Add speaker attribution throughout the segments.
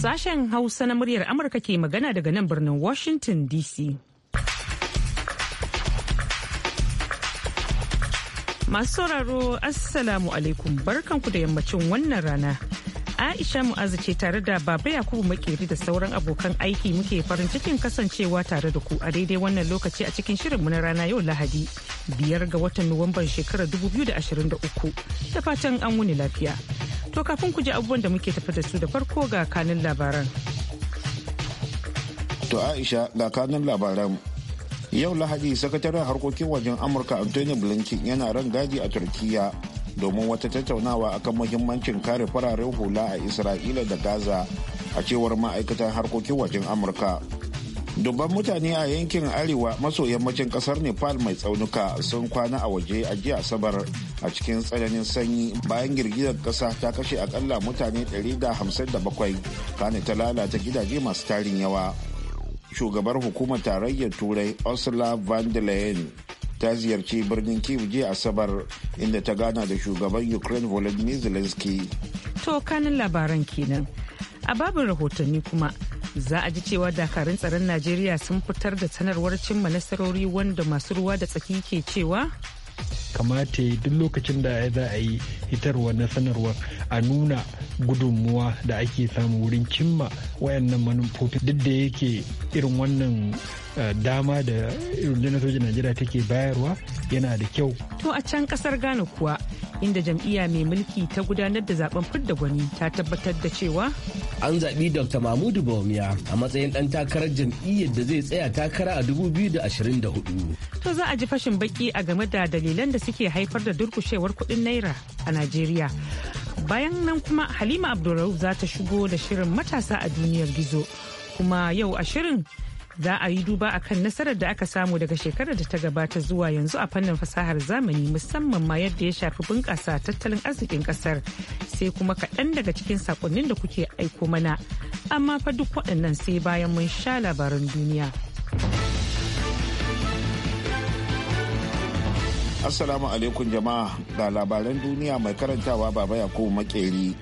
Speaker 1: Sashen Hausa na muryar Amurka ke magana daga nan birnin Washington DC. Masu sauraro Assalamu alaikum barkanku da yammacin wannan rana. Aisha Mu'azu ce tare da Baba Yakubu Makeri da sauran abokan aiki muke farin cikin kasancewa tare da ku a daidai wannan lokaci a cikin shirinmu na rana yau Lahadi biyar ga watan Nuwamban shekarar biyu da fatan an wuni lafiya. To kafin ku ji abubuwan da muke tafi da su da farko ga kanin labaran.
Speaker 2: To Aisha ga kanin labaran. Yau Lahadi sakataren harkokin wajen Amurka Antonio Blinken yana ran gadi a Turkiyya domin wata tattaunawa akan muhimmancin kare fararen hula a isra'ila da gaza a cewar ma'aikatan harkokin wajen amurka dubban mutane a yankin arewa maso yammacin kasar nepal mai tsaunuka sun kwana a waje a jiya asabar a cikin tsananin sanyi bayan girgizar kasa ta kashe akalla mutane 157 kane ta lalata gidaje masu tarin yawa shugabar hukumar tarayyar turai ursula van der leyen ta ziyarci birnin kiev jiya asabar inda ta gana da shugaban ukraine volodymyr zelensky
Speaker 1: to kanin labaran kenan a babin rahotanni kuma za a ji cewa dakarun tsaron najeriya sun fitar da sanarwar cimma nasarori wanda masu ruwa da tsaki ke cewa
Speaker 3: kamata duk lokacin da za a yi hitarwa na sanarwar a nuna gudunmuwa da ake samu wurin cimma wayannan manufofi duk da yake irin wannan eh, dama da rundunar sojin najeriya take bayarwa yana da kyau
Speaker 1: to a can kasar ghana kuwa inda jam'iyya mai mulki ta gudanar da zaben fidda gwani ta tabbatar da cewa
Speaker 4: an zaɓi dr mahmudu bawumia a matsayin ɗan takarar jam'iyyar da zai tsaya takara a da 2024
Speaker 1: to za a ji fashin baki a game da dalilan da suke haifar da durkushewar kuɗin naira a najeriya bayan nan kuma halima abdulrahu za ta shigo da shirin matasa a duniyar gizo kuma yau a shirin za a yi duba akan nasarar da aka samu daga shekarar da ta gabata zuwa yanzu a fannin fasahar zamani musamman ma yadda ya shafi bunƙasa tattalin arzikin ƙasar sai kuma kaɗan daga cikin sakonnin da kuke aiko mana amma fa duk waɗannan sai bayan mun sha labaran duniya.
Speaker 2: Assalamu alaikum jama'a da labaran duniya mai karantawa baba Yakubu makeri.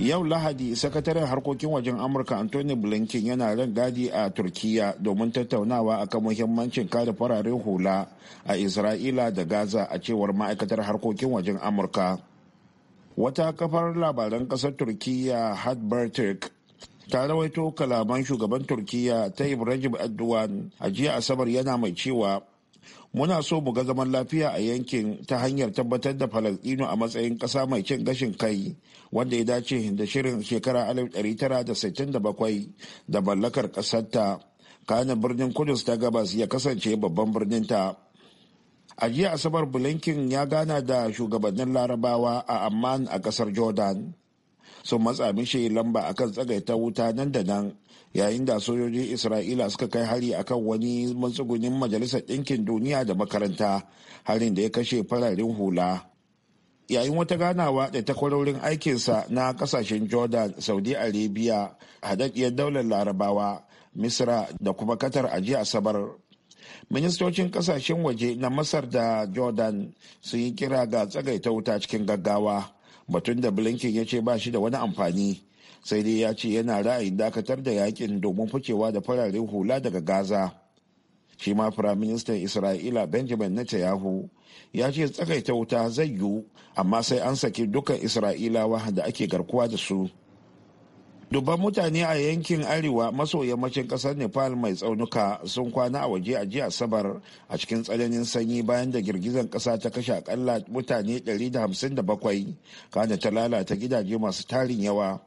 Speaker 2: Yau Lahadi, sakataren harkokin wajen Amurka Anthony Blinken yana ran gadi a Turkiyya domin tattaunawa akan muhimmancin kare fararen hula a Isra'ila da Gaza a cewar ma'aikatar harkokin wajen Amurka. Wata kafar labaran ƙasar Turkiyya Hadbertik ta rawaito kalaman shugaban Turkiyya ta Ibrahim Erdogan a jiya Asabar yana mai cewa muna so mu ga zaman lafiya a yankin ta hanyar tabbatar da falastino a matsayin ƙasa mai cin gashin kai wanda ya dace da shirin shekara 1967 da mallakar ƙasarta kana birnin kudus ta gabas ya kasance babban birninta a jiya asabar blinken ya gana da shugabannin larabawa a amman a kasar jordan sun matsa mishi lamba akan tsagaita wuta nan da nan yayin da sojojin isra'ila suka kai hari akan wani matsugunin majalisar ɗinkin duniya da makaranta harin da ya kashe fararen hula yayin wata ganawa da takwarorin aikinsa na kasashen jordan saudi arabia hadaddiyar daular larabawa misra da kuma qatar a jiya asabar ministocin kasashen waje na masar da jordan sun yi kira ga tsagaita wuta cikin gaggawa batun da blinken ya ce ba shi da wani amfani sai dai ya ce yana ra'ayin dakatar da yakin domin fukewa da fararen hula daga gaza shi ma firaministan isra'ila benjamin netanyahu ya ce tsakaita wuta zai yiwu amma sai an saki dukkan isra'ilawa da ake garkuwa da su dubban mutane a yankin arewa maso yammacin kasar nepal mai tsaunuka sun kwana a waje a jiya asabar a cikin tsananin sanyi bayan da girgizan kasa ta kashe akalla mutane 157 kana ta lalata gidaje masu tarin yawa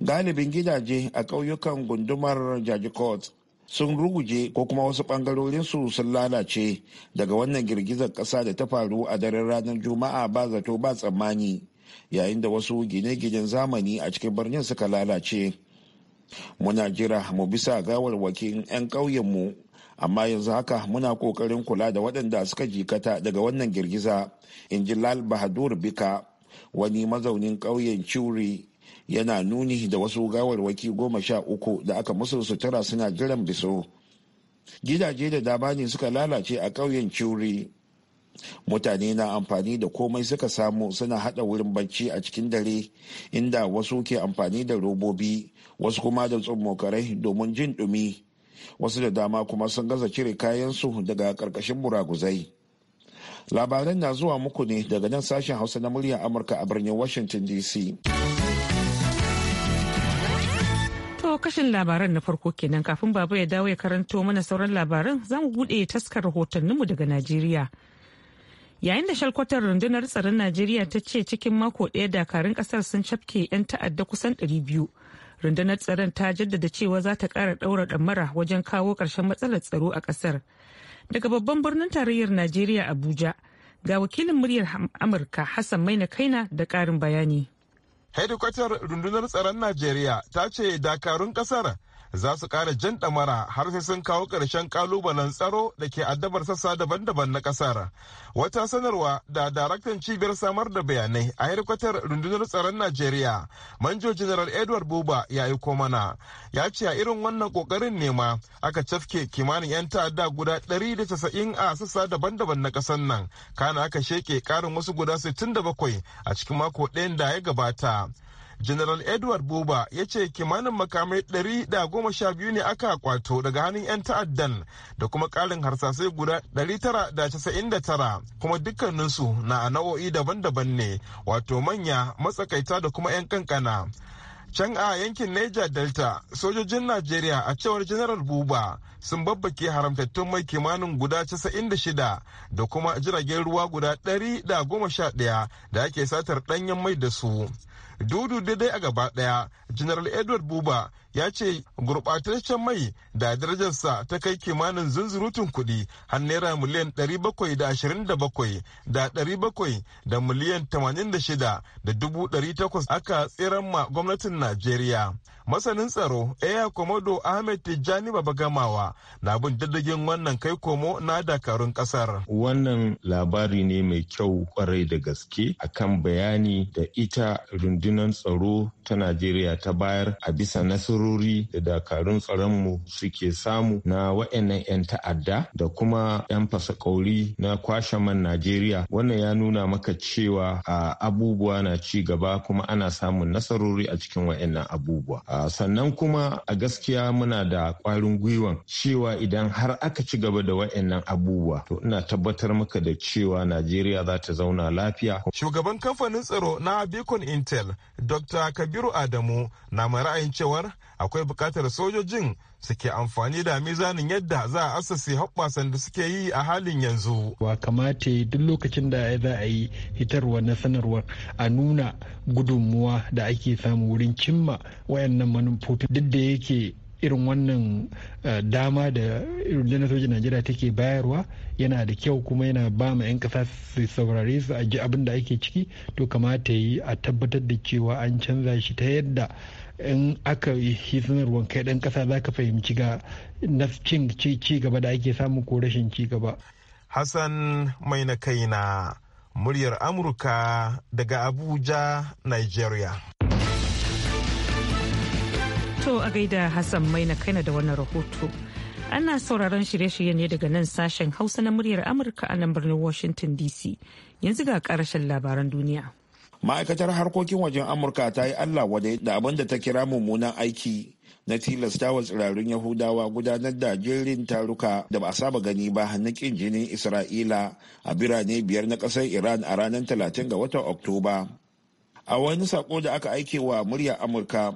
Speaker 2: galibin gidaje a ƙauyukan gundumar jajikot sun ruguje ko kuma wasu ɓangarorin su sun lalace daga wannan girgizar ƙasa da ta faru a daren ranar juma'a ba zato ba tsammani yayin da wasu gine-ginen zamani a cikin birnin suka lalace muna jira mu bisa gawarwakin 'yan ƙauyenmu amma yanzu haka muna ƙoƙarin kula da waɗanda suka jikata daga wannan girgiza in ji lal bahadur bika wani mazaunin ƙauyen ciuri yana nuni da wasu gawarwaki goma sha uku da aka musu sutura suna jiran biso gidaje da dama ne suka lalace a ƙauyen curi mutane na amfani da komai suka samu suna hada wurin bacci a cikin dare inda wasu ke amfani da robobi wasu kuma da tsummokarai domin jin dumi wasu da dama kuma sun gaza cire kayansu daga karkashin buraguzai labaran na zuwa muku ne daga nan sashen hausa na muryar amurka a birnin washington dc
Speaker 1: kashin labaran na farko kenan kafin baba ya dawo ya karanto mana sauran labaran za mu buɗe taskar rahotanninmu daga Najeriya. Yayin da shalkwatar rundunar tsaron Najeriya ta ce cikin mako ɗaya dakarun ƙasar sun cafke 'yan ta'adda kusan 200. Rundunar tsaron ta jaddada cewa za ta ƙara ɗaura ɗamara wajen kawo ƙarshen matsalar tsaro a ƙasar. Daga babban birnin tarayyar Najeriya Abuja, ga wakilin muryar Amurka Hassan Maina Kaina da ƙarin bayani.
Speaker 5: hedikwatar rundunar tsaron najeriya ta ce dakarun kasar za su ƙara jan ɗamara har sai sun kawo ƙarshen ƙalubalen tsaro da ke addabar sassa daban-daban na ƙasar. Wata sanarwa da daraktan cibiyar samar da bayanai a hedkwatar rundunar tsaron Najeriya, Manjo General Edward Buba ya aiko mana, ya ce a irin wannan ƙoƙarin nema aka cafke kimanin 'yan ta'adda guda 190 a sassa daban-daban na ƙasar nan, kana aka sheke karin wasu guda 67 a cikin mako ɗayan da ya gabata. General Edward Buba ya ce kimanin makamai 112 ne aka kwato daga hannun 'yan ta'addan da kuma karin harsasai guda 999 kuma dukkaninsu na a nau'o'i daban-daban ne wato manya matsakaita da kuma 'yan kankana. can a yankin Niger Delta sojojin Najeriya a cewar General Buba sun babbake haramtattun mai kimanin guda 96 da kuma jiragen ruwa guda 111 da ake satar danyen mai da su. dudu daidai a gaba daya general edward buba ya ce gurɓataccen mai da darajarsa ta kai kimanin zunzurutun kuɗi har naira miliyan 727 da 700 da miliyan 86 da 800 aka tseren ma gwamnatin najeriya masanin tsaro aya komodo ahmed tijjani babagamawa na bin diddigin wannan kai komo na dakarun kasar wannan labari ne mai kyau kwarai da gaske akan bayani da ita rundunar tsaro ta najeriya ta bayar a bisa nasir nasarori da dakarun tsaronmu suke samu na wa'annan 'yan ta'adda da kuma 'yan fasakauri na kwashe man Najeriya wannan ya nuna maka cewa abubuwa na ci gaba kuma ana samun nasarori a cikin wa'annan abubuwa. Sannan kuma a gaskiya muna da kwarin gwiwan cewa idan har aka ci gaba da wa'annan abubuwa to ina tabbatar maka da cewa Najeriya za ta zauna lafiya. Shugaban kamfanin tsaro na Beacon Intel Dr. Kabiru Adamu na mai cewar akwai bukatar sojojin suke amfani da mizanin yadda za a asasi hoɓɓasan da suke yi
Speaker 3: a halin yanzu. Wa kamata duk lokacin da za a yi hitarwa na sanarwar a nuna gudunmuwa da ake samu wurin cimma wayannan manufofin duk da yake irin wannan eh, dama da rundunar sojin najeriya take bayarwa yana da kyau kuma yana ba ma 'yan kasa su saurare su a ji abin da ake ciki to kamata yi a tabbatar da cewa an canza shi ta yadda in aka yi hizinar kai dan ƙasa za ka fahimci ga na cin ci gaba da ake samu ko rashin ci gaba.
Speaker 5: Hassan mai na kaina muryar Amurka daga Abuja, Nigeria.
Speaker 1: To a gaida Hassan mai na kaina da wannan rahoto. Ana sauraron shirye-shirye ne daga nan sashen Hausa na muryar Amurka a nan birnin Washington DC. Yanzu ga ƙarashen labaran duniya.
Speaker 2: ma'aikatar harkokin wajen amurka ta yi allah wadai da abin da ta kira mummunan aiki na tilasta wa tsirarun yahudawa gudanar da jerin taruka da ba a saba gani ba na kin jinin isra'ila a birane biyar na ƙasar iran a ranar 30 ga watan oktoba a wani sako da aka aike wa murya amurka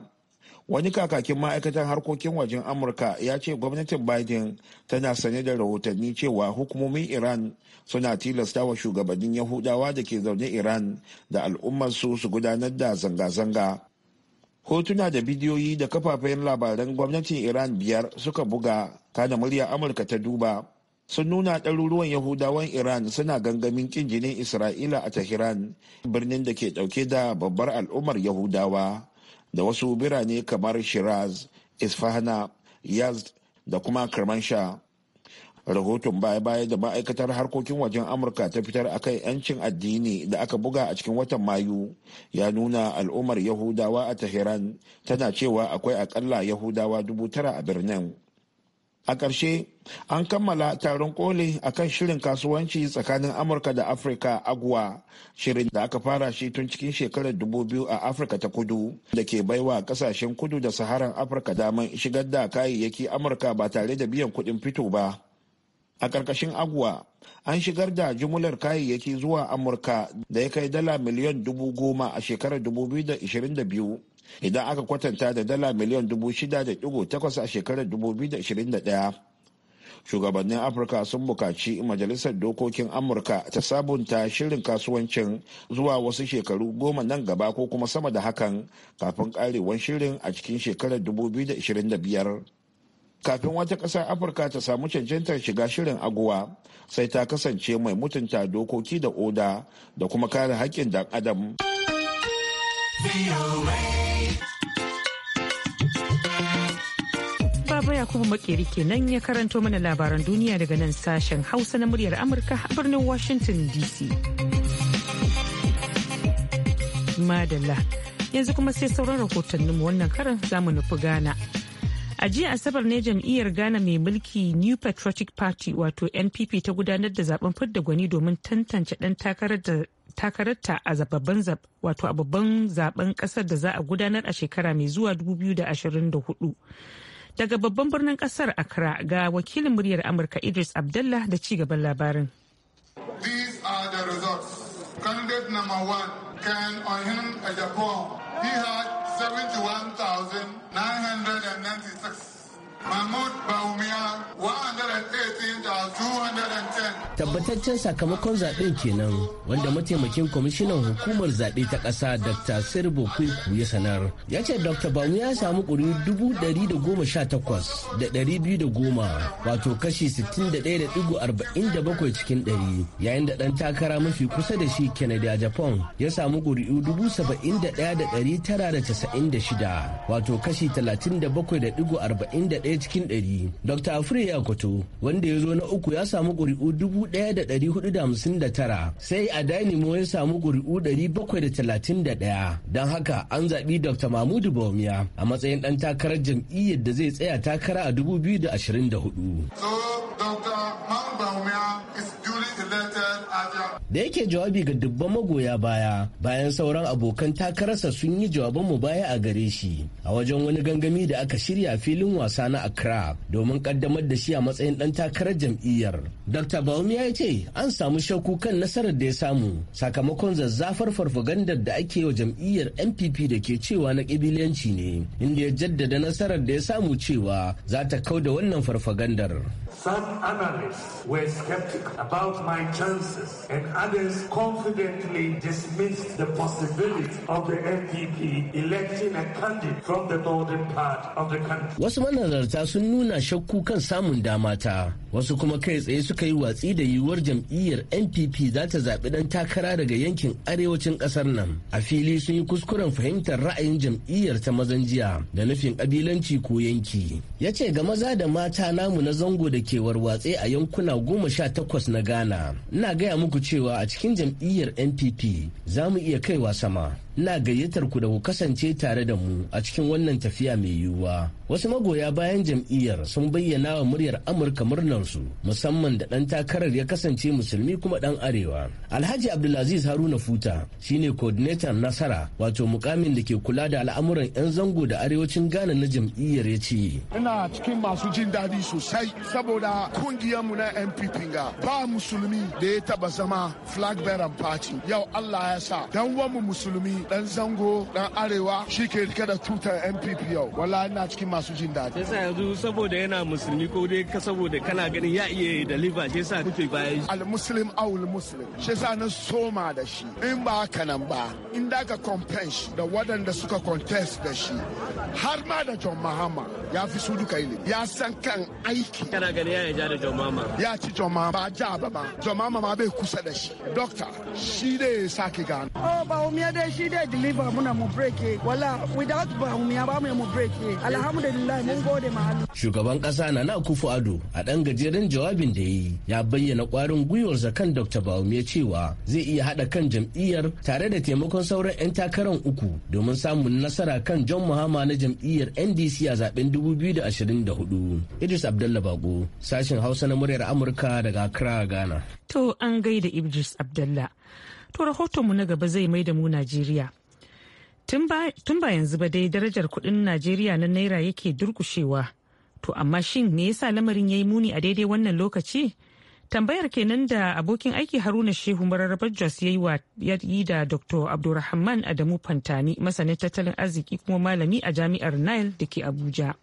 Speaker 2: wani kakakin ma'aikatan harkokin wajen amurka ya ce gwamnatin biden tana sane da rahotanni cewa hukumomin iran suna tilasta wa shugabannin yahudawa da ke zaune iran da al'ummarsu su gudanar da zanga-zanga hotuna da bidiyoyi da kafafen labaran gwamnatin iran biyar suka buga kada murya amurka ta duba sun nuna ɗaruruwan yahudawan iran suna gangamin kin jinin isra'ila a tahiran birnin da ke ɗauke da babbar al'ummar yahudawa da wasu birane kamar shiraz isfahana yazd da kuma kermansha rahoton baya-baya da ma'aikatar harkokin wajen amurka ta fitar akan 'yancin addini da aka buga a cikin watan mayu ya nuna al'ummar yahudawa a tehran tana cewa akwai akalla yahudawa dubu tara a birnin a ƙarshe an kammala taron koli kan shirin kasuwanci tsakanin amurka da afirka aguwa shirin da aka fara shi tun cikin shekarar dubu biyu a afirka ta kudu da ke baiwa kasashen kudu da saharan afirka damar shigar da kayayyaki amurka ba tare da biyan kuɗin fito ba a ƙarƙashin aguwa an shigar da jumular kayayyaki zuwa amurka da ya kai dala miliyan dubu goma a shekarar dubu biyu da da biyu idan aka kwatanta da dala miliyan dubu shida da digo takwas a shekarar dubu biyu da da daya shugabannin afirka sun bukaci majalisar dokokin amurka ta sabunta shirin kasuwancin zuwa wasu shekaru goma nan gaba ko kuma sama da hakan kafin karewan shirin a cikin shekarar dubu biyu da da biyar. kafin wata ƙasar afirka ta samu cancantar shiga shirin aguwa sai ta kasance mai mutunta dokoki da oda da kuma kare haƙƙin dan adam
Speaker 1: Baba Yakubu Makeri kenan ya karanto mana labaran duniya daga nan sashen Hausa na muryar Amurka a birnin Washington DC. Madalla, yanzu kuma sai sauran rahotanninmu wannan karan zamu nufi Ghana. a jiya asabar ne jam'iyyar ghana mai mulki new patriotic party wato npp ta gudanar da zaben fidda gwani domin tantance dan takarar da takararta a zababban wato a babban zaben kasar da za a gudanar a shekara mai zuwa 2024 daga babban birnin kasar accra ga wakilin muryar amurka idris abdullah da ci gaban labarin
Speaker 5: These are the results. Candidate number one, Ken Ohin Ejapo. He had 71,996 mahmud baumia 118,210
Speaker 4: tabbataccen sakamakon zaben kenan wanda mataimakin kwamishinan hukumar zaɓe ta ƙasa dr sirbo kwiku ya sanar ya ce dr bamu ya samu ƙuri 118,210 wato kashi 61.47 cikin 100 yayin da ɗan takara mafi kusa da shi kennedy a japan ya samu ƙuri'u 71,996 wato kashi 37.41 ɗaya cikin ɗari. Dr. Afri Yakoto wanda ya zo na uku ya samu ƙuri'u dubu ɗaya da ɗari hudu da hamsin da tara sai a Dainimo ya samu ƙuri'u ɗari bakwai da talatin da ɗaya. Don haka an zaɓi Dr. Mahmudu Bawumia a matsayin ɗan takarar jam'iyyar da zai tsaya takara a dubu biyu da ashirin da hudu. da yake jawabi ga dubban magoya baya bayan sauran abokan takararsa sun yi jawaban mu baya a gare shi a wajen wani gangami da aka shirya filin wasa na Accra domin kaddamar da shi a matsayin dan takarar jam'iyyar. Dr. Baumi ya ce an samu shakku kan nasarar da ya samu sakamakon zazzafar farfagandar da ake wa jam'iyyar NPP da ke cewa na kibilanci ne inda ya jaddada nasarar da ya samu cewa za ta kau da wannan farfagandar. Some analysts were skeptical about my chances, and others confidently
Speaker 5: dismissed the possibility of the NPP electing a candidate from the
Speaker 1: northern part of the country.
Speaker 4: Wasu manazarta sun nuna shakku kan samun dama ta. wasu kuma kai tsaye suka yi watsi da yiwuwar jam'iyyar npp za ta zaɓi ɗan takara daga yankin arewacin ƙasar nan a fili sun yi kuskuren fahimtar ra'ayin jam'iyyar ta mazan jiya da nufin ƙabilanci ko yanki ya ce ga maza da mata namu na zango da ke warwatse a yankuna goma sha takwas na ghana ina gaya muku cewa a cikin jam'iyyar npp za mu iya kaiwa sama ina gayyatar ku da ku kasance tare da mu a cikin wannan tafiya mai yiwuwa wasu magoya bayan jam'iyyar sun bayyana wa muryar amurka murnarsu musamman da ɗan takarar ya kasance musulmi kuma ɗan arewa alhaji abdulaziz haruna futa shine coordinator nasara wato mukamin da ke kula da al'amuran 'yan zango da arewacin ghana na jam'iyyar ya ce
Speaker 2: ina cikin masu jin daɗi sosai saboda mu na npp ga ba musulmi da ya taba zama flag bearer party yau allah ya sa dan mu musulmi dan zango dan arewa shi ke rike da tutar npp yau wala ina cikin masu jin daɗi yasa
Speaker 4: yanzu saboda yana musulmi ko dai ka saboda kana ganin ya iya da liver shi yasa kuke bayan shi
Speaker 2: al muslim awul muslim shi yasa na soma da shi in ba haka nan ba in da ka compense da waɗanda suka contest da shi har ma da John Mahama ya fi su duka ile ya san kan aiki
Speaker 4: kana
Speaker 6: ganin ya ja da John
Speaker 4: Mahama
Speaker 2: ya ci John Mahama ba ja ba ba John Mahama ma bai kusa da shi doctor shi dai ya
Speaker 4: sake gano ɔ oh, ba umiya dai shi dai deliver muna mu break wala without ba mu ya ba mu mu break alhamdulillah mun gode ma Allah shugaban kasa na na kufu ado a dan gajeren jawabin da yi ya bayyana kwarin gwiwarsa kan Dr. ya cewa zai iya hada kan jam'iyyar tare da taimakon sauran 'yan takarar uku domin samun nasara kan John Mahama na jam'iyyar NDC a zaben 2024 Idris abdullahi Bago sashen Hausa na muryar Amurka daga Accra Ghana
Speaker 1: to an gaida Idris abdullahi farko rahotonmu na gaba zai mai da mu Najeriya. Tun ba yanzu ba dai darajar kudin Najeriya na Naira yake durkushewa. To amma shin me yasa lamarin ya yi muni a daidai wannan lokaci? Tambayar kenan da abokin aiki Haruna Shehu mararabar Jos ya yi da Dr. Abdulrahman Adamu Fantani masanin tattalin arziki kuma malami a jami'ar Nile da ke Abuja.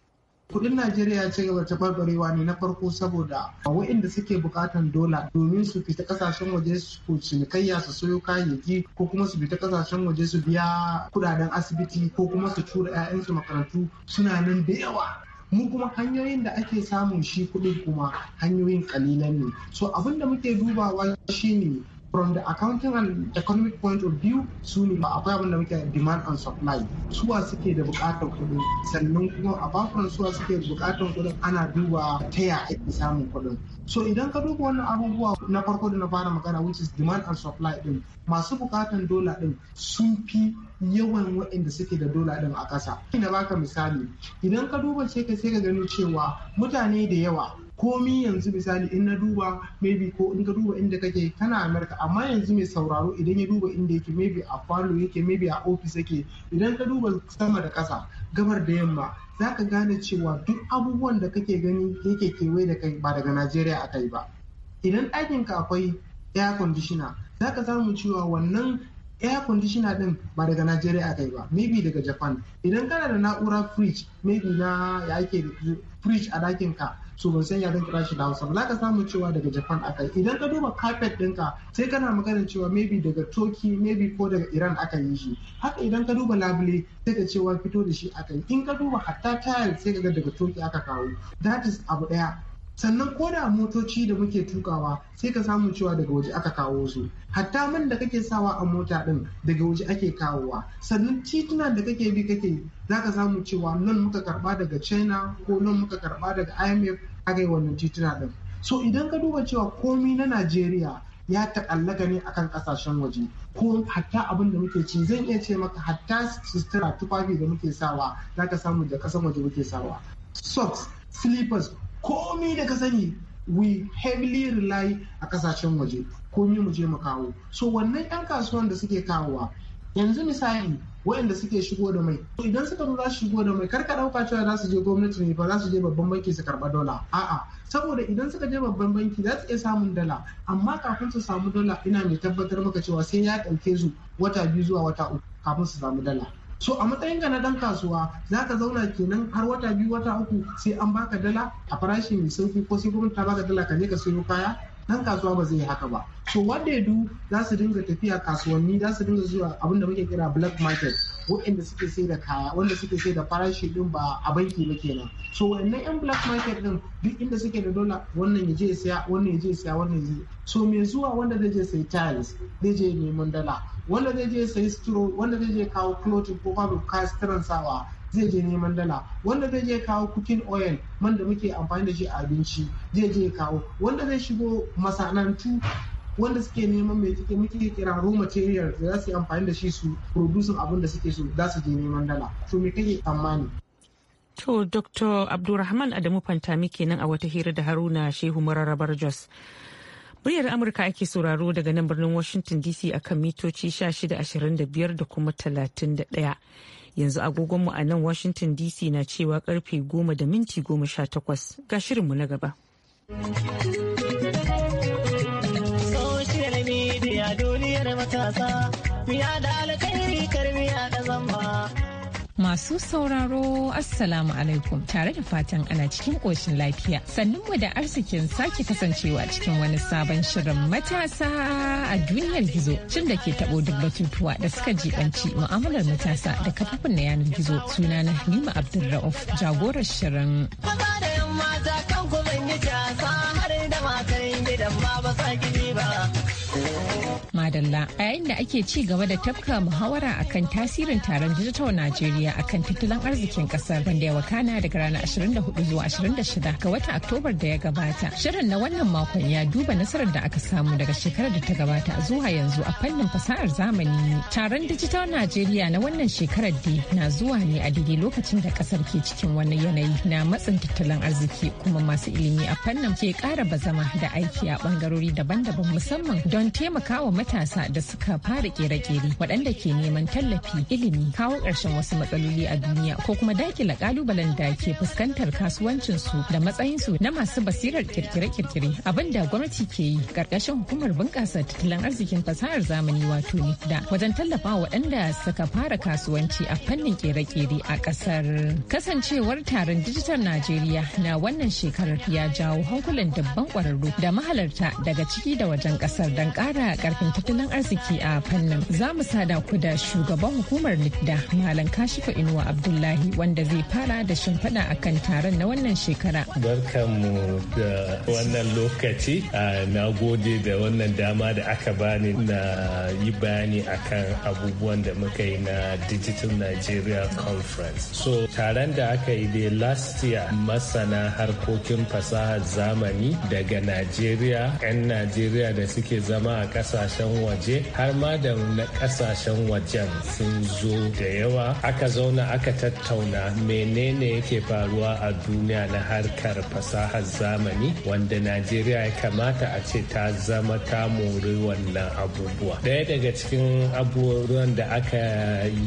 Speaker 7: kudin najeriya ce gaba ta barbarewa ne na farko saboda waɗanda suke bukatan dola domin su fita kasashen waje su cinikayya su sayo kayayyaki ko kuma su fita kasashen waje su biya kudaden asibiti ko kuma su tura 'ya'yansu makarantu suna nan da yawa mu kuma hanyoyin da ake samun shi kuɗin kuma hanyoyin kalilan ne so abin da muke dubawa shi ne. from the accounting and economic point of view su ne akwai abin da muke demand and supply suwa suke da bukatar kudi sannan kuma a bakon suwa suke da bukatar kudi ana duba ta ya ake samun kudin so idan ka duba wannan abubuwa na farko da na fara magana which is demand and supply din masu bukatan dola din sun fi yawan waɗanda suke da dola din a ƙasa. Ina baka misali idan ka duba sai ka sai ka gano cewa mutane da yawa komi yanzu misali in na duba maybe ko in ka duba inda kake kana Amurka, amma yanzu mai sauraro idan ya duba inda yake maybe a falo yake maybe a ofis yake idan ka duba sama da kasa gabar da yamma za ka gane cewa duk abubuwan da kake gani yake kewaye da kai ba daga najeriya a kai ba idan ɗakinka akwai air conditioner za ka samu cewa wannan air conditioner din ba daga Najeriya aka yi ba maybe daga Japan idan kana da na'ura fridge maybe na ya ake fridge a ɗakin ka su ba san ya dan kira shi da hausa ba ka samu cewa daga japan aka yi idan ka duba carpet ɗinka sai kana magana cewa maybe daga turkey maybe ko daga iran aka yi shi haka idan ka duba labule sai ka cewa fito da shi aka yi in ka duba hatta tile sai ka ga daga turkey aka kawo that is abu daya sannan ko da motoci da muke tukawa sai ka samu cewa daga waje aka kawo su hatta man da kake sawa a mota din daga waje ake kawowa sannan tituna da kake bi kake za ka samu cewa nan muka karba daga china ko nan muka karba daga imf aka yi wannan tituna din so idan ka duba cewa komi na najeriya ya ta'allaka ne akan kasashen waje ko hatta abin da muke ci zan iya ce maka hatta sutura tufafi da muke sawa ka samu da kasan waje muke sawa socks slippers komi da ka sani we heavily rely a kasashen waje komi mu je mu kawo so wannan yan kasuwan da suke kawowa yanzu misali waɗanda suke shigo da mai to idan suka zo za su shigo da mai karka ɗauka cewa za su je gwamnati ne ba za su je babban banki su karɓa dola a'a saboda idan suka je babban banki za su iya samun dala amma kafin su samu dala ina mai tabbatar maka cewa sai ya ɗauke su wata biyu zuwa wata uku kafin su samu dala so a matsayin ka na dan kasuwa za ka zauna kenan har wata biyu wata uku sai an baka dala a farashi mai sauki ko sai gwamnati ta baka dala ka je ka sayo kaya dan kasuwa ba zai yi haka ba so wanda ya du za su dinga tafiya kasuwanni za su dinga zuwa abinda muke kira black market waɗanda suke sai da kaya wanda suke sai da farashi din ba a banki ba kenan so wannan yan black market din duk inda suke da dola wannan ya je ya saya wannan ya je ya saya wannan ya je so mai zuwa wanda zai je sai tiles zai je neman dala wanda zai je sai stro wanda zai je kawo clothing ko babu kayan sawa zai je neman dala wanda zai je kawo cooking oil man muke amfani da shi a abinci zai je kawo wanda zai shigo masana'antu wanda suke neman mai take muke kira raw material da za su yi amfani da shi su producing abin da suke so za su je neman dala to me kake tsammani
Speaker 1: To Dr. Abdulrahman Adamu Fantami kenan a wata hira da Haruna Shehu Mararabar Jos. Muryar Amurka ake sauraro daga nan birnin Washington DC akan mitoci 1625 da kuma 31. yanzu agogonmu a nan washington dc na cewa karfe goma da minti goma sha takwas ga shirinmu na gaba
Speaker 8: social media duniyar matasa Masu sauraro Assalamu alaikum tare da fatan ana cikin ƙoshin lafiya. mu da arzikin sake kasancewa cikin wani sabon shirin matasa a duniyar gizo cin da ke taɓo duk batutuwa da suka jibanci mu'amalar matasa da kafafin na yanar gizo suna na Halima Abdulra'uf jagorar shirin. Dalla a yayin da ake ci gaba da tafka muhawara akan tasirin taron dijital Najeriya akan tattalin arzikin kasar wanda ya wakana daga ranar 24 zuwa 26 ga watan Oktobar da ya gabata. Shirin na wannan makon ya duba nasarar da aka samu daga shekarar da ta gabata zuwa yanzu a fannin fasahar zamani. Taron dijital Najeriya na wannan shekarar dai na zuwa ne a daidai lokacin da kasar ke cikin wani yanayi na matsin tattalin arziki kuma masu ilimi a fannin ke kara bazama da aiki a bangarori daban-daban musamman don taimakawa matasa matasa da suka fara kere-kere waɗanda ke neman tallafi ilimi kawo ƙarshen wasu matsaloli a duniya ko kuma dakila ƙalubalen da ke fuskantar kasuwancinsu da matsayinsu na masu basirar kirkire-kirkire abin da gwamnati ke yi ƙarƙashin hukumar bunƙasa tattalin arzikin fasahar zamani wato nifda wajen tallafa waɗanda suka fara kasuwanci a fannin kere-kere a ƙasar kasancewar taron dijital najeriya na wannan shekarar ya jawo hankulan dabban ƙwararru da mahalarta daga ciki da wajen ƙasar don ƙara ƙarfin tattalin tattalin arziki a fannin zamu mu sada ku da shugaban hukumar nidda malam kashifa inuwa abdullahi wanda zai fara da shimfiɗa kan taron na wannan shekara barkanmu
Speaker 6: da wannan lokaci na gode da wannan dama da aka bani na yi bayani kan abubuwan da muka yi na digital nigeria conference so taron da aka yi dai last year masana harkokin fasahar zamani daga nigeria 'yan nigeria da suke zama a kasashen waje har ma da na kasashen wajen sun zo da yawa aka zauna aka tattauna menene yake faruwa a duniya na harkar fasahar zamani wanda najeriya ya kamata a ce ta zama ta mori wannan abubuwa daya daga cikin abubuwan da aka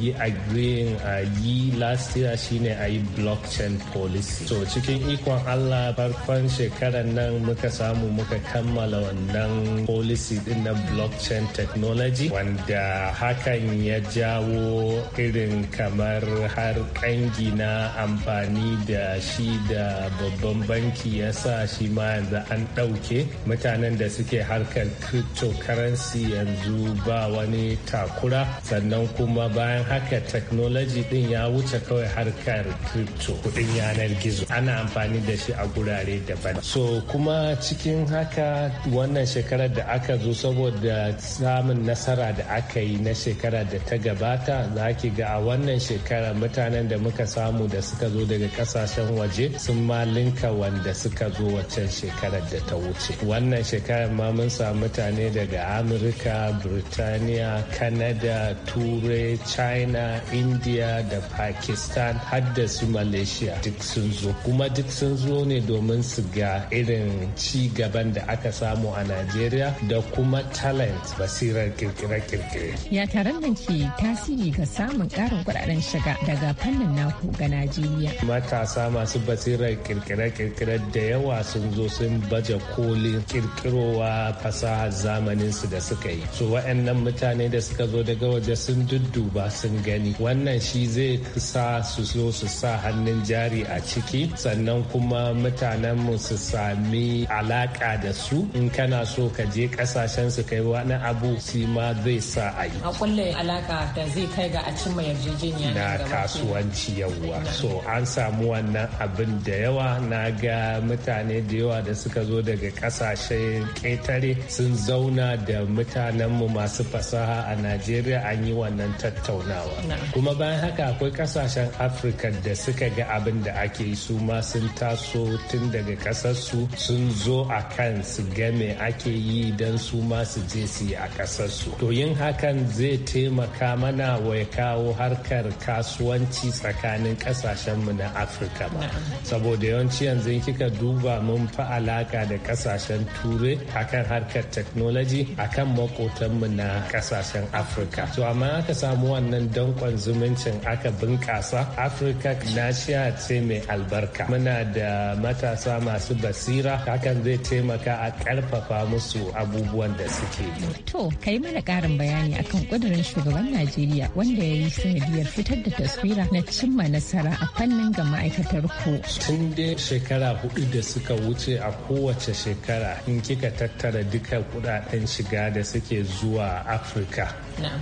Speaker 6: yi agreeing a yi last year shine a yi blockchain policy so cikin ikon allah farkon shekarar nan muka samu muka kammala wannan policy din na blockchain technology wanda hakan ya jawo irin kamar har kangi na amfani da shi da babban banki ya sa shi ma yanzu an ɗauke mutanen da suke harkar cryptocurrency yanzu ba wani takura sannan kuma bayan haka technology din ya wuce kawai harkar crypto kudin yanar gizo ana amfani da shi a gurare daban so kuma cikin haka wannan shekarar da aka zo saboda samun nasara da aka yi na shekara da ta gabata za ki ga a wannan shekara mutanen da muka samu da suka zo daga kasashen waje sun malinka wanda suka zo waccan shekarar da ta wuce wannan shekarar ma mun samu mutane daga amurka birtaniya kanada turai china india da pakistan har da su malaysia duk sun zo kuma duk sun zo ne domin su ga irin ci gaban da aka samu a najeriya da kuma talent basirar kirkire-kirkire.
Speaker 8: Ya taron nan ke tasiri ga samun ƙarin kuɗaɗen shiga daga fannin naku ga Najeriya.
Speaker 6: Matasa masu basirar kirkire-kirkire da yawa sun zo sun baje kolin kirkirowa fasaha zamanin su da suka yi. So wa'annan mutane da suka zo daga waje sun dudduba sun gani. Wannan shi zai sa su zo su sa hannun jari a ciki sannan kuma mutanen mu su sami alaka da su in kana so ka je kasashen su kai wani abu shi ma zai sa a yi.
Speaker 8: A kulle alaka da zai kai ga a cimma yarjejeniya na kasuwanci
Speaker 6: yawwa. So an samu wannan abin da yawa na ga mutane da yawa da suka zo daga kasashen ƙetare sun zauna da mutanen mu masu fasaha a Najeriya an yi wannan tattaunawa. Kuma bayan haka akwai kasashen Afirka da suka ga abin da ake yi su ma sun taso tun daga ƙasarsu sun zo a kan su game ake yi don su ma su je su yi a ƙasarsu to yin hakan zai taimaka mana wai kawo harkar kasuwanci tsakanin ƙasashenmu na afirka ba saboda yawanci yanzu kika duba mun fi alaƙa da ƙasashen turai akan harkar technology akan makotanmu na ƙasashen afirka to amma aka samu wannan dankon zumuncin aka bunƙasa afirka nashiya ce mai albarka muna da matasa masu basira hakan zai taimaka a ƙarfafa musu abubuwan da suke
Speaker 8: To, yi mana ƙarin bayani akan ƙudurin shugaban Najeriya wanda ya yi sanadiyar fitar da taswira na cimma nasara a fannin ga ma'aikatar ku.
Speaker 6: Tun dai shekara hudu da suka wuce a kowace shekara in kika tattara duka kudaden shiga da suke zuwa Afirka.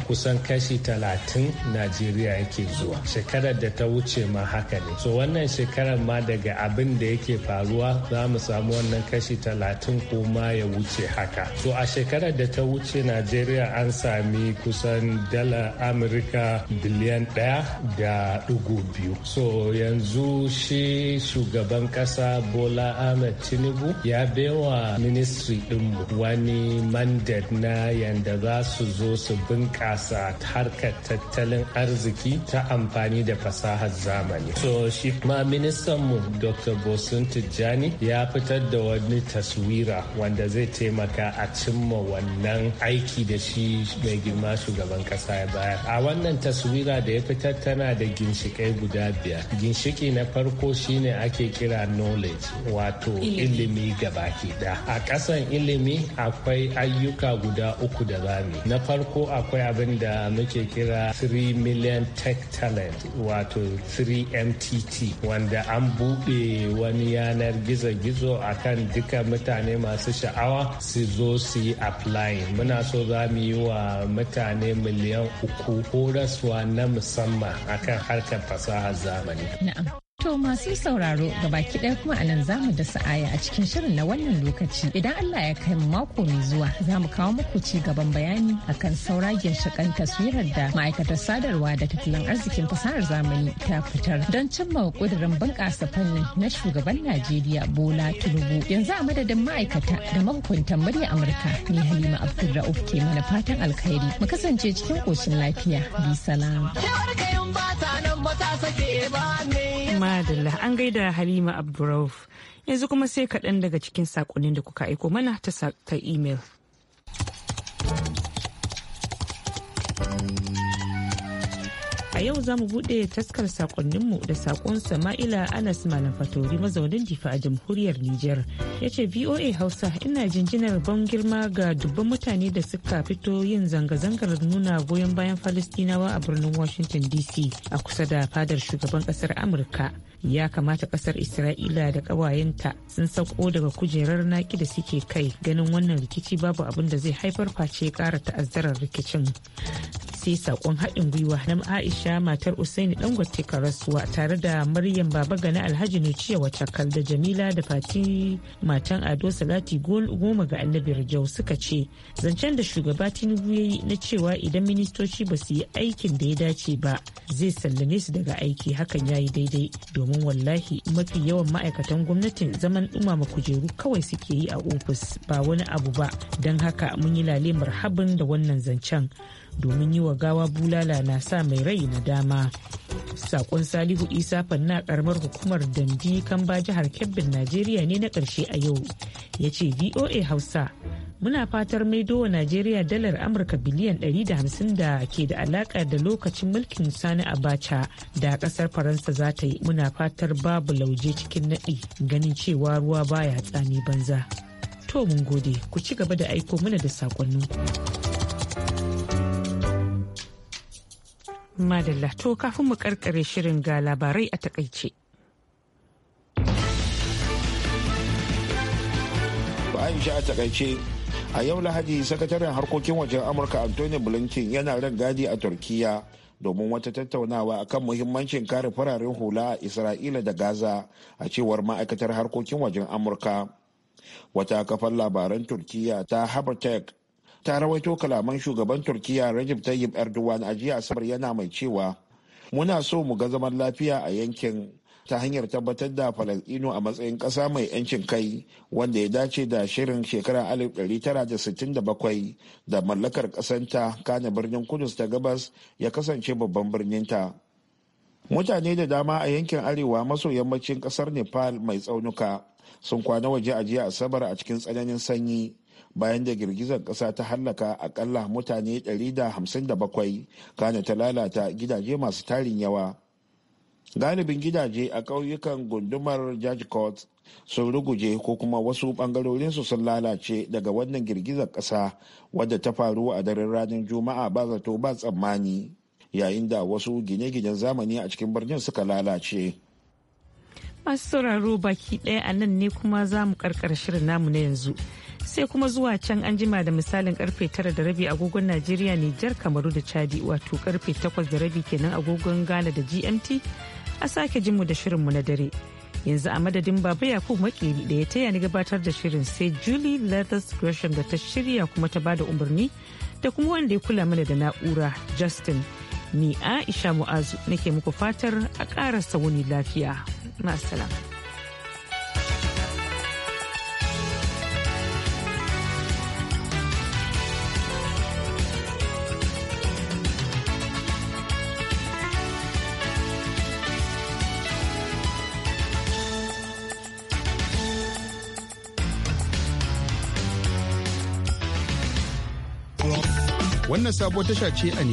Speaker 6: Kusan kashi talatin Najeriya yake zuwa. Shekarar da ta wuce ma haka ne. So wannan shekarar ma daga abin da yake faruwa za mu samu wannan kashi talatin ko ma ya wuce haka. So a shekarar da ta wuce ce najeriya an sami kusan dala amurka biliyan ɗaya da dugu biyu so yanzu shi shugaban ƙasa bola ahmed tinubu ya bewa ministry ɗinmu wani mandat na yanda za su zo su bunƙasa harkar tattalin arziki ta amfani da fasahar zamani so shi ma ministanmu dr bosun tijjani ya fitar da wani taswira wanda zai taimaka a cimma wannan aiki da shi mai girma shugaban kasa ya baya a wannan taswira da ya fitar tana da ginshikai guda biyar ginshiki na farko shine ake kira knowledge wato ilimi gabaki da a kasan ilimi akwai ayyuka guda uku da rami na farko akwai abin da muke kira 3 million tech talent wato 3mtt wanda an buɗe wani yanar gizo-gizo akan duka mutane masu sha'awa su zo su yi applying muna so za mu yi wa mutane miliyan uku horaswa na musamman akan harkar fasahar zamani.
Speaker 8: To masu sauraro ga baki ɗaya kuma a nan zamu da aya a cikin shirin na wannan lokaci idan Allah ya kai mako mai zuwa za mu kawo muku ci gaban bayani akan sauragen shakan taswirar da ma'aikatar sadarwa da tattalin arzikin fasahar zamani ta fitar don cimma ƙudurin bunƙasa fannin na shugaban Najeriya Bola Tinubu yanzu a madadin ma'aikata da mahukuntan murya Amurka ne Halima Abdulrauf ke mana fatan alkhairi mu kasance cikin ƙoshin lafiya bi salam. Yawar kayan ba ta nan ba ta sake ba ne.
Speaker 1: madalla an gaida halima abdurrauf yanzu kuma sai kaɗan daga cikin saƙonin da kuka aiko mana ta email. a yau za mu bude taskar sakonninmu da sakon Sama'ila Anas Malam Fatori mazaunin Difa a jamhuriyar niger Ya ce VOA Hausa ina jinjinar ban girma ga dubban mutane da suka fito yin zanga-zangar nuna goyon bayan Falistinawa a birnin Washington DC a kusa da fadar shugaban kasar Amurka. Ya kamata kasar Isra'ila da ƙawayenta sun sauko daga kujerar naki da suke kai ganin wannan rikici babu abin da zai haifar face kara ta'azzarar rikicin. Sai saƙon haɗin gwiwa na Aisha aisha matar usaini dangote karasuwa tare da maryam babagana alhaji nuciya watakal da jamila da fati matan ado salati goma ga annabi jau suka ce zancen da shugaba tinubu ya na cewa idan ministoci ba su yi aikin da ya dace ba zai sallame su daga aiki hakan ya yi daidai domin wallahi mafi yawan ma'aikatan gwamnatin zaman dumama kujeru kawai suke yi a ofis ba wani abu ba don haka mun yi lale marhabin da wannan zancen domin yi wa gawa bulala na sa mai rai na dama sakon salihu isa fanna karamar hukumar dandi kamba jihar kebbin najeriya ne na karshe a yau ya ce voa hausa muna fatar maido wa najeriya dalar amurka biliyan 150 da ke da alaƙa da lokacin mulkin sani abacha da ƙasar faransa za ta yi muna fatar babu lauje cikin naɗi ganin cewa ruwa baya tsani banza to mun gode ku ci gaba da aiko mana da sakonninku. Madalla to kafin mu karkare shirin ga labarai a takaice.
Speaker 2: shi a takaice a yau lahadi sakataren harkokin wajen amurka antonio blinken yana ran gadi a turkiya domin wata tattaunawa akan muhimmancin kare fararen hula a isra'ila da gaza a cewar ma'aikatar harkokin wajen amurka wata kafar labaran turkiya ta habertech ta rawaito kalaman shugaban turkiya rajib tayyip erdogan a jiya asabar yana mai cewa muna so mu ga zaman lafiya a yankin ta hanyar tabbatar da falasɗinu a matsayin ƙasa mai 'yancin kai wanda ya dace da shirin shekara 1967 da mallakar ƙasanta kana birnin kudus ta gabas ya kasance babban birninta mutane da dama a yankin arewa maso yammacin ƙasar nepal mai tsaunuka sun kwana waje a jiya asabar a cikin tsananin sanyi bayan da girgizar ƙasa ta hallaka akalla mutane 157 kana ta lalata gidaje masu tarin yawa galibin gidaje a ƙauyukan gundumar judge court sun ruguje ko kuma wasu ɓangarorinsu sun lalace daga wannan girgizar ƙasa wadda ta faru a daren ranar juma'a ba zato ba tsammani yayin da wasu gine-ginen zamani a cikin birnin suka lalace
Speaker 1: masu sauraro baki ɗaya a nan ne kuma za mu karkar shirin namu na yanzu sai kuma zuwa can an jima da misalin karfe tara da rabi agogon najeriya ne jar kamaru da chadi wato karfe takwas da rabi kenan agogon ghana da gmt a sake jinmu da shirin mu na dare yanzu a madadin baba yakub makeri da ya taya ni gabatar da shirin sai julie leathers gresham da ta shirya kuma ta bada umarni da kuma wanda ya kula mana da na'ura justin ni aisha mu'azu nake muku fatar a ƙara sauni lafiya ma'asala.
Speaker 5: wannan sabuwar tasha ce a